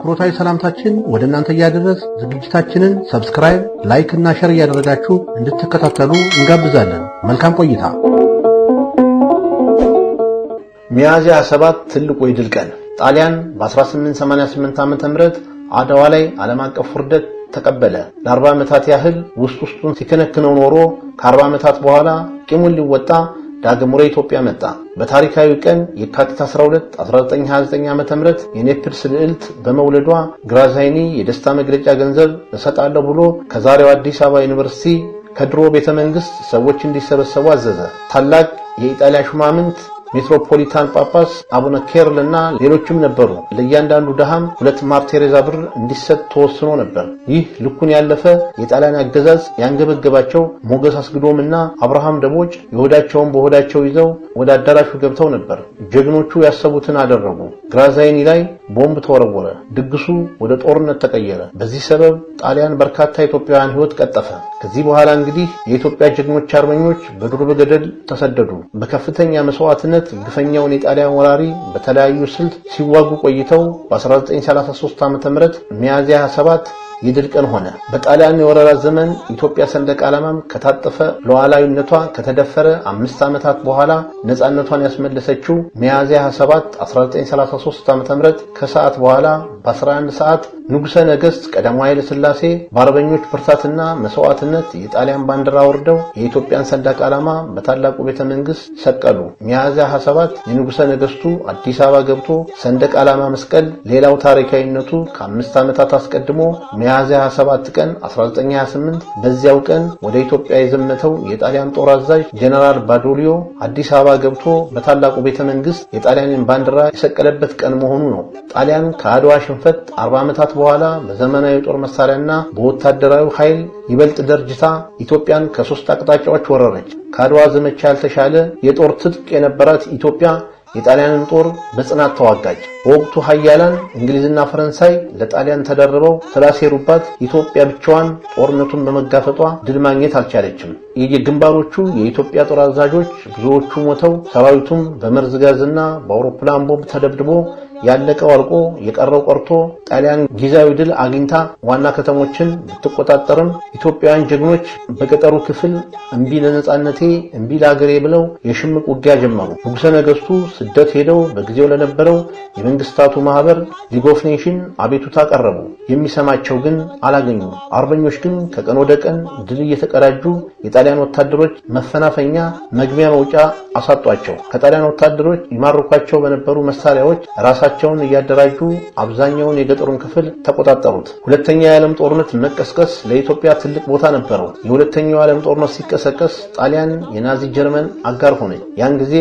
አክብሮታዊ ሰላምታችን ወደ እናንተ እያደረስ ዝግጅታችንን ሰብስክራይብ፣ ላይክ እና ሸር እያደረጋችሁ እንድትከታተሉ እንጋብዛለን። መልካም ቆይታ። ሚያዝያ 7 ትልቁ የድል ቀን። ጣሊያን በ1888 ዓ.ም አድዋ ላይ ዓለም አቀፍ ውርደት ተቀበለ። ለ40 ዓመታት ያህል ውስጥ ውስጡን ሲከነክነው ኖሮ ከ40 ዓመታት በኋላ ቂሙን ሊወጣ ዳግም ወደ ኢትዮጵያ መጣ። በታሪካዊ ቀን የካቲት 12 1929 ዓ.ም የኔፕልስ ልዕልት በመውለዷ ግራዛይኒ የደስታ መግለጫ ገንዘብ እሰጣለሁ ብሎ ከዛሬው አዲስ አበባ ዩኒቨርሲቲ ከድሮ ቤተ ሰዎች እንዲሰበሰቡ አዘዘ። ታላቅ የኢጣሊያ ሹማምንት ሜትሮፖሊታን ጳጳስ አቡነ ኬርል እና ሌሎችም ነበሩ። ለእያንዳንዱ ድሃም ሁለት ማር ቴሬዛ ብር እንዲሰጥ ተወስኖ ነበር። ይህ ልኩን ያለፈ የጣሊያን አገዛዝ ያንገበገባቸው ሞገስ አስግዶም እና አብርሃም ደቦጭ የሆዳቸውን በሆዳቸው ይዘው ወደ አዳራሹ ገብተው ነበር። ጀግኖቹ ያሰቡትን አደረጉ። ግራዛይኒ ላይ ቦምብ ተወረወረ። ድግሱ ወደ ጦርነት ተቀየረ። በዚህ ሰበብ ጣሊያን በርካታ ኢትዮጵያውያን ሕይወት ቀጠፈ። ከዚህ በኋላ እንግዲህ የኢትዮጵያ ጀግኖች አርበኞች በዱር በገደል ተሰደዱ። በከፍተኛ መስዋዕትነት ግፈኛውን የጣሊያን ወራሪ በተለያዩ ስልት ሲዋጉ ቆይተው በ1933 ዓ ም ሚያዝያ 7 የድል ቀን ሆነ። በጣሊያን የወረራ ዘመን ኢትዮጵያ ሰንደቅ ዓላማም ከታጠፈ ሉዓላዊነቷ ከተደፈረ አምስት ዓመታት በኋላ ነፃነቷን ያስመለሰችው ሚያዝያ 27 1933 ም ከሰዓት በኋላ በ11 ሰዓት ንጉሠ ነገሥት ቀዳማዊ ኃይለ ሥላሴ በአርበኞች ብርታትና መሥዋዕትነት የጣሊያን ባንዲራ ወርደው የኢትዮጵያን ሰንደቅ ዓላማ በታላቁ ቤተ መንግሥት ሰቀሉ። ሚያዝያ 27 የንጉሠ ነገሥቱ አዲስ አበባ ገብቶ ሰንደቅ ዓላማ መስቀል ሌላው ታሪካዊነቱ ከአምስት ዓመታት አስቀድሞ ሚያዝያ 27 ቀን 1928 በዚያው ቀን ወደ ኢትዮጵያ የዘመተው የጣሊያን ጦር አዛዥ ጀነራል ባዶሊዮ አዲስ አበባ ገብቶ በታላቁ ቤተ መንግስት የጣሊያንን ባንዲራ የሰቀለበት ቀን መሆኑ ነው። ጣሊያን ከአድዋ ሽንፈት 40 ዓመታት በኋላ በዘመናዊ የጦር መሳሪያና በወታደራዊ ኃይል ይበልጥ ደርጅታ ኢትዮጵያን ከሶስት አቅጣጫዎች ወረረች። ከአድዋ ዘመቻ ያልተሻለ የጦር ትጥቅ የነበራት ኢትዮጵያ የጣሊያንን ጦር በጽናት ተዋጋች። በወቅቱ ሀያላን፣ እንግሊዝና ፈረንሳይ ለጣሊያን ተደርበው ስላሴሩባት ኢትዮጵያ ብቻዋን ጦርነቱን በመጋፈጧ ድል ማግኘት አልቻለችም። የግንባሮቹ የኢትዮጵያ ጦር አዛዦች ብዙዎቹ ሞተው ሰራዊቱም በመርዝ ጋዝና በአውሮፕላን ቦምብ ተደብድቦ ያለቀው አልቆ የቀረው ቀርቶ ጣሊያን ጊዜያዊ ድል አግኝታ ዋና ከተሞችን ብትቆጣጠርም ኢትዮጵያውያን ጀግኖች በገጠሩ ክፍል እምቢ ለነፃነቴ እምቢ ለአገሬ ብለው የሽምቅ ውጊያ ጀመሩ። ንጉሠ ነገሥቱ ስደት ሄደው በጊዜው ለነበረው የመንግስታቱ ማህበር ሊግ ኦፍ ኔሽን አቤቱታ ቀረቡ። የሚሰማቸው ግን አላገኙም። አርበኞች ግን ከቀን ወደ ቀን ድል እየተቀዳጁ የጣሊያን ወታደሮች መፈናፈኛ መግቢያ መውጫ አሳጧቸው። ከጣሊያን ወታደሮች ይማርኳቸው በነበሩ መሳሪያዎች ራሳ ጦራቸውን እያደራጁ አብዛኛውን የገጠሩን ክፍል ተቆጣጠሩት። ሁለተኛ የዓለም ጦርነት መቀስቀስ ለኢትዮጵያ ትልቅ ቦታ ነበረው። የሁለተኛው ዓለም ጦርነት ሲቀሰቀስ ጣሊያን የናዚ ጀርመን አጋር ሆነች። ያን ጊዜ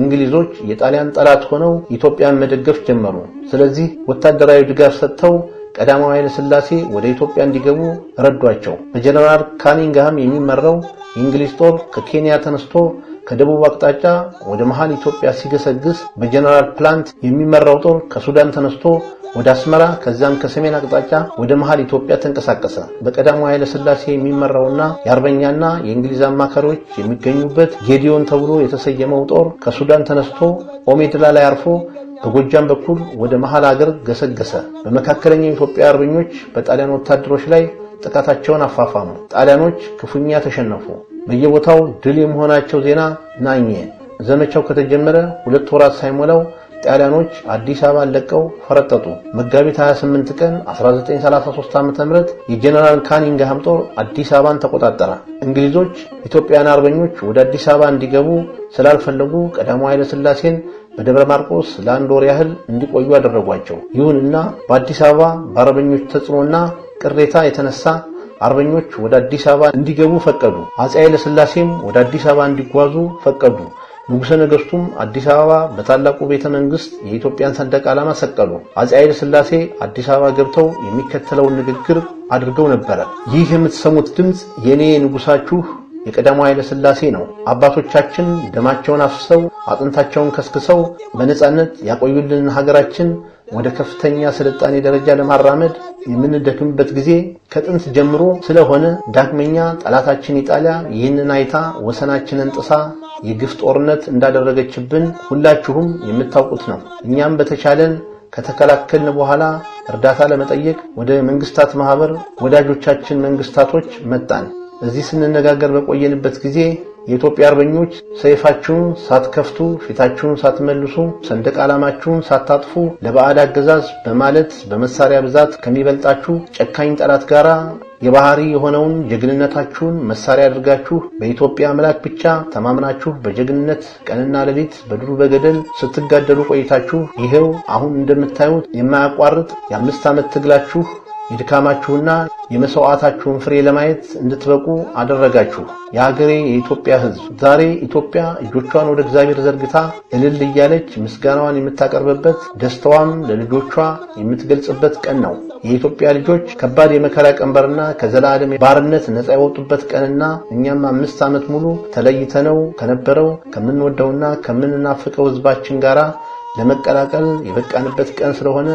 እንግሊዞች የጣሊያን ጠላት ሆነው ኢትዮጵያን መደገፍ ጀመሩ። ስለዚህ ወታደራዊ ድጋፍ ሰጥተው ቀዳማዊ ኃይለ ሥላሴ ወደ ኢትዮጵያ እንዲገቡ ረዷቸው። በጀነራል ካኒንግሃም የሚመራው የእንግሊዝ ጦር ከኬንያ ተነስቶ ከደቡብ አቅጣጫ ወደ መሃል ኢትዮጵያ ሲገሰግስ በጀነራል ፕላንት የሚመራው ጦር ከሱዳን ተነስቶ ወደ አስመራ ከዛም ከሰሜን አቅጣጫ ወደ መሃል ኢትዮጵያ ተንቀሳቀሰ። በቀዳማዊ ኃይለ ሥላሴ የሚመራውና የአርበኛና የእንግሊዝ አማካሪዎች የሚገኙበት ጌዲዮን ተብሎ የተሰየመው ጦር ከሱዳን ተነስቶ ኦሜድላ ላይ አርፎ በጎጃም በኩል ወደ መሃል አገር ገሰገሰ። በመካከለኛው ኢትዮጵያ አርበኞች በጣሊያን ወታደሮች ላይ ጥቃታቸውን አፋፋሙ። ጣሊያኖች ክፉኛ ተሸነፉ። በየቦታው ድል የመሆናቸው ዜና ናኘ። ዘመቻው ከተጀመረ ሁለት ወራት ሳይሞላው ጣሊያኖች አዲስ አበባን ለቀው ፈረጠጡ። መጋቢት 28 ቀን 1933 ዓ.ም የጀነራል ካኒንግሃም ጦር አዲስ አበባን ተቆጣጠረ። እንግሊዞች ኢትዮጵያን አርበኞች ወደ አዲስ አበባ እንዲገቡ ስላልፈለጉ ቀዳማዊ ኃይለ ሥላሴን በደብረ ማርቆስ ለአንድ ወር ያህል እንዲቆዩ አደረጓቸው። ይሁንና በአዲስ አበባ በአርበኞች ተጽዕኖና ቅሬታ የተነሳ አርበኞች ወደ አዲስ አበባ እንዲገቡ ፈቀዱ። አፄ ኃይለ ሥላሴም ወደ አዲስ አበባ እንዲጓዙ ፈቀዱ። ንጉሠ ነገሥቱም አዲስ አበባ በታላቁ ቤተ መንግሥት የኢትዮጵያን ሰንደቅ ዓላማ ሰቀሉ። አፄ ኃይለ ሥላሴ አዲስ አበባ ገብተው የሚከተለውን ንግግር አድርገው ነበረ። ይህ የምትሰሙት ድምፅ የእኔ ንጉሳችሁ የቀደሙ ኃይለ ሥላሴ ነው። አባቶቻችን ደማቸውን አፍሰው አጥንታቸውን ከስክሰው በነጻነት ያቆዩልን ሀገራችን ወደ ከፍተኛ ስልጣኔ ደረጃ ለማራመድ የምንደክምበት ጊዜ ከጥንት ጀምሮ ስለሆነ ዳግመኛ ጠላታችን ኢጣሊያ ይህንን አይታ ወሰናችንን ጥሳ የግፍ ጦርነት እንዳደረገችብን ሁላችሁም የምታውቁት ነው። እኛም በተቻለን ከተከላከልን በኋላ እርዳታ ለመጠየቅ ወደ መንግስታት ማህበር ወዳጆቻችን መንግስታቶች መጣን። እዚህ ስንነጋገር በቆየንበት ጊዜ የኢትዮጵያ አርበኞች ሰይፋችሁን ሳትከፍቱ ፊታችሁን ሳትመልሱ ሰንደቅ ዓላማችሁን ሳታጥፉ ለባዕድ አገዛዝ በማለት በመሳሪያ ብዛት ከሚበልጣችሁ ጨካኝ ጠላት ጋር የባህሪ የሆነውን ጀግንነታችሁን መሳሪያ አድርጋችሁ በኢትዮጵያ አምላክ ብቻ ተማምናችሁ በጀግንነት ቀንና ሌሊት በዱር በገደል ስትጋደሉ ቆይታችሁ ይሄው አሁን እንደምታዩት የማያቋርጥ የአምስት ዓመት ትግላችሁ የድካማችሁና የመሥዋዕታችሁን ፍሬ ለማየት እንድትበቁ አደረጋችሁ። የሀገሬ የኢትዮጵያ ሕዝብ ዛሬ ኢትዮጵያ እጆቿን ወደ እግዚአብሔር ዘርግታ እልል እያለች ምስጋናዋን የምታቀርብበት ደስታዋም ለልጆቿ የምትገልጽበት ቀን ነው። የኢትዮጵያ ልጆች ከባድ የመከራ ቀንበርና ከዘላለም ባርነት ነፃ የወጡበት ቀንና እኛም አምስት ዓመት ሙሉ ተለይተነው ከነበረው ከምንወደውና ከምንናፍቀው ሕዝባችን ጋር ለመቀላቀል የበቃንበት ቀን ስለሆነ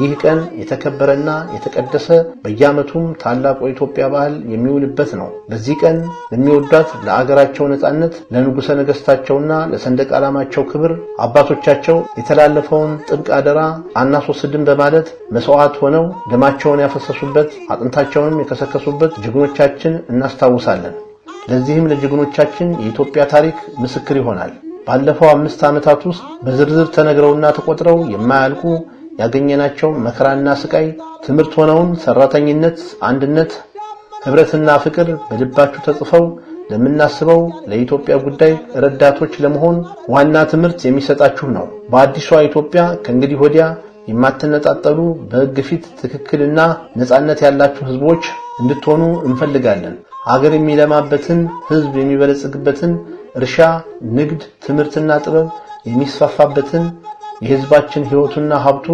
ይህ ቀን የተከበረና የተቀደሰ በየዓመቱም ታላቁ የኢትዮጵያ ባህል የሚውልበት ነው። በዚህ ቀን ለሚወዷት ለአገራቸው ነፃነት፣ ለንጉሠ ነገሥታቸውና ለሰንደቅ ዓላማቸው ክብር አባቶቻቸው የተላለፈውን ጥብቅ አደራ አናስወስድም በማለት መሥዋዕት ሆነው ደማቸውን ያፈሰሱበት አጥንታቸውንም የከሰከሱበት ጀግኖቻችን እናስታውሳለን። ለዚህም ለጀግኖቻችን የኢትዮጵያ ታሪክ ምስክር ይሆናል። ባለፈው አምስት ዓመታት ውስጥ በዝርዝር ተነግረውና ተቆጥረው የማያልቁ ያገኘናቸው መከራና ስቃይ ትምህርት ሆነውን ሰራተኝነት፣ አንድነት፣ ህብረትና ፍቅር በልባችሁ ተጽፈው ለምናስበው ለኢትዮጵያ ጉዳይ ረዳቶች ለመሆን ዋና ትምህርት የሚሰጣችሁ ነው። በአዲሷ ኢትዮጵያ ከእንግዲህ ወዲያ የማትነጣጠሉ በህግ ፊት ትክክልና ነጻነት ያላችሁ ህዝቦች እንድትሆኑ እንፈልጋለን። አገር የሚለማበትን ህዝብ የሚበለጽግበትን እርሻ፣ ንግድ፣ ትምህርትና ጥበብ የሚስፋፋበትን የህዝባችን ሕይወቱና ሀብቱ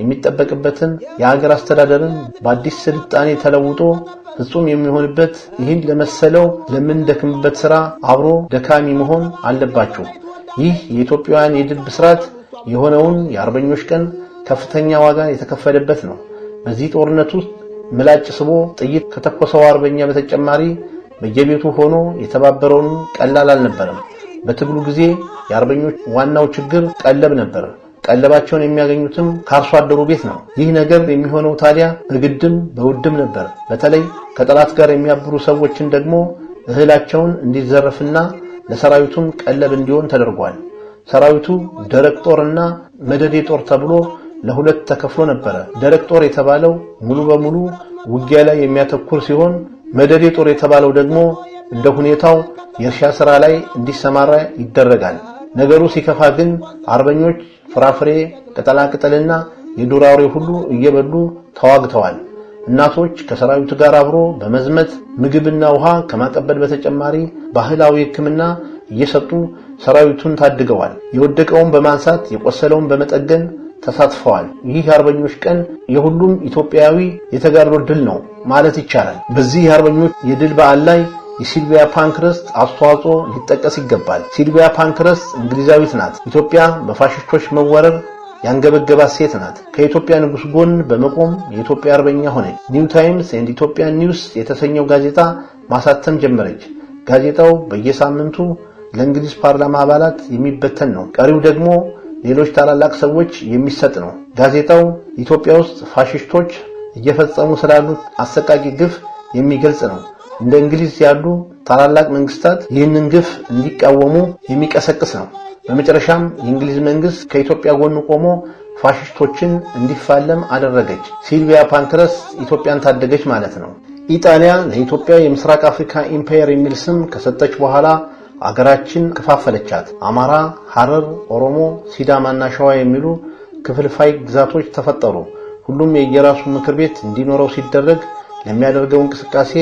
የሚጠበቅበትን የሀገር አስተዳደርን በአዲስ ስልጣኔ ተለውጦ ፍጹም የሚሆንበት ይህን ለመሰለው ለምንደክምበት ሥራ አብሮ ደካሚ መሆን አለባችሁ። ይህ የኢትዮጵያውያን የድል ብስራት የሆነውን የአርበኞች ቀን ከፍተኛ ዋጋ የተከፈለበት ነው። በዚህ ጦርነት ውስጥ ምላጭ ስቦ ጥይት ከተኮሰው አርበኛ በተጨማሪ በየቤቱ ሆኖ የተባበረውን ቀላል አልነበረም። በትግሉ ጊዜ የአርበኞች ዋናው ችግር ቀለብ ነበር። ቀለባቸውን የሚያገኙትም ከአርሶ አደሩ ቤት ነው። ይህ ነገር የሚሆነው ታዲያ በግድም በውድም ነበር። በተለይ ከጠላት ጋር የሚያብሩ ሰዎችን ደግሞ እህላቸውን እንዲዘረፍና ለሰራዊቱም ቀለብ እንዲሆን ተደርጓል። ሰራዊቱ ደረቅ ጦርና መደዴ ጦር ተብሎ ለሁለት ተከፍሎ ነበረ። ደረቅ ጦር የተባለው ሙሉ በሙሉ ውጊያ ላይ የሚያተኩር ሲሆን መደዴ ጦር የተባለው ደግሞ እንደ ሁኔታው የእርሻ ሥራ ላይ እንዲሰማራ ይደረጋል። ነገሩ ሲከፋ ግን አርበኞች ፍራፍሬ፣ ቅጠላቅጠልና የዱር አውሬ ሁሉ እየበሉ ተዋግተዋል። እናቶች ከሰራዊቱ ጋር አብሮ በመዝመት ምግብና ውሃ ከማቀበል በተጨማሪ ባህላዊ ሕክምና እየሰጡ ሰራዊቱን ታድገዋል። የወደቀውን በማንሳት የቆሰለውን በመጠገን ተሳትፈዋል። ይህ የአርበኞች ቀን የሁሉም ኢትዮጵያዊ የተጋድሎ ድል ነው ማለት ይቻላል። በዚህ የአርበኞች የድል በዓል ላይ የሲልቪያ ፓንክረስት አስተዋጽኦ ሊጠቀስ ይገባል። ሲልቪያ ፓንክረስት እንግሊዛዊት ናት። ኢትዮጵያ በፋሽስቶች መወረር ያንገበገባት ሴት ናት። ከኢትዮጵያ ንጉሥ ጎን በመቆም የኢትዮጵያ አርበኛ ሆነች። ኒው ታይምስ ኤንድ ኢትዮጵያ ኒውስ የተሰኘው ጋዜጣ ማሳተም ጀመረች። ጋዜጣው በየሳምንቱ ለእንግሊዝ ፓርላማ አባላት የሚበተን ነው። ቀሪው ደግሞ ሌሎች ታላላቅ ሰዎች የሚሰጥ ነው። ጋዜጣው ኢትዮጵያ ውስጥ ፋሽስቶች እየፈጸሙ ስላሉት አሰቃቂ ግፍ የሚገልጽ ነው። እንደ እንግሊዝ ያሉ ታላላቅ መንግስታት ይህንን ግፍ እንዲቃወሙ የሚቀሰቅስ ነው። በመጨረሻም የእንግሊዝ መንግስት ከኢትዮጵያ ጎን ቆሞ ፋሽስቶችን እንዲፋለም አደረገች። ሲልቪያ ፓንክረስ ኢትዮጵያን ታደገች ማለት ነው። ኢጣሊያ ለኢትዮጵያ የምስራቅ አፍሪካ ኢምፓየር የሚል ስም ከሰጠች በኋላ አገራችን ከፋፈለቻት። አማራ፣ ሐረር፣ ኦሮሞ፣ ሲዳማና ሸዋ የሚሉ ክፍልፋይ ግዛቶች ተፈጠሩ። ሁሉም የየራሱ ምክር ቤት እንዲኖረው ሲደረግ ለሚያደርገው እንቅስቃሴ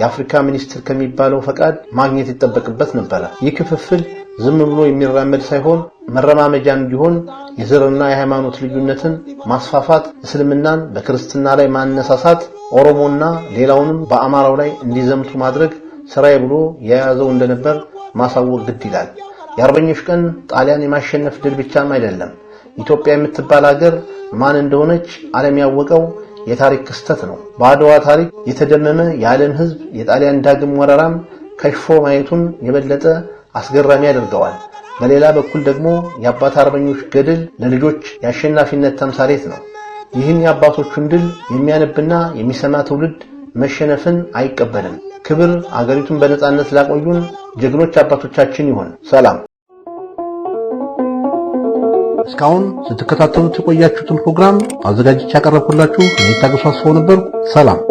የአፍሪካ ሚኒስትር ከሚባለው ፈቃድ ማግኘት ይጠበቅበት ነበረ። ይህ ክፍፍል ዝም ብሎ የሚራመድ ሳይሆን መረማመጃ እንዲሆን የዘርና የሃይማኖት ልዩነትን ማስፋፋት፣ እስልምናን በክርስትና ላይ ማነሳሳት፣ ኦሮሞና ሌላውንም በአማራው ላይ እንዲዘምቱ ማድረግ ስራዬ ብሎ የያዘው እንደነበር ማሳወቅ ግድ ይላል። የአርበኞች ቀን ጣሊያን የማሸነፍ ድል ብቻም አይደለም። ኢትዮጵያ የምትባል ሀገር ማን እንደሆነች ዓለም ያወቀው የታሪክ ክስተት ነው። በአድዋ ታሪክ የተደመመ የዓለም ህዝብ የጣሊያን ዳግም ወረራን ከሽፎ ማየቱን የበለጠ አስገራሚ ያደርገዋል። በሌላ በኩል ደግሞ የአባት አርበኞች ገድል ለልጆች የአሸናፊነት ተምሳሌት ነው። ይህን የአባቶቹን ድል የሚያነብና የሚሰማ ትውልድ መሸነፍን አይቀበልም። ክብር አገሪቱን በነፃነት ላቆዩን ጀግኖች አባቶቻችን ይሆን ሰላም እስካሁን ስትከታተሉት የቆያችሁትን ፕሮግራም አዘጋጅቼ ያቀረብኩላችሁ እኔ ታገሱ ነበርኩ። ሰላም።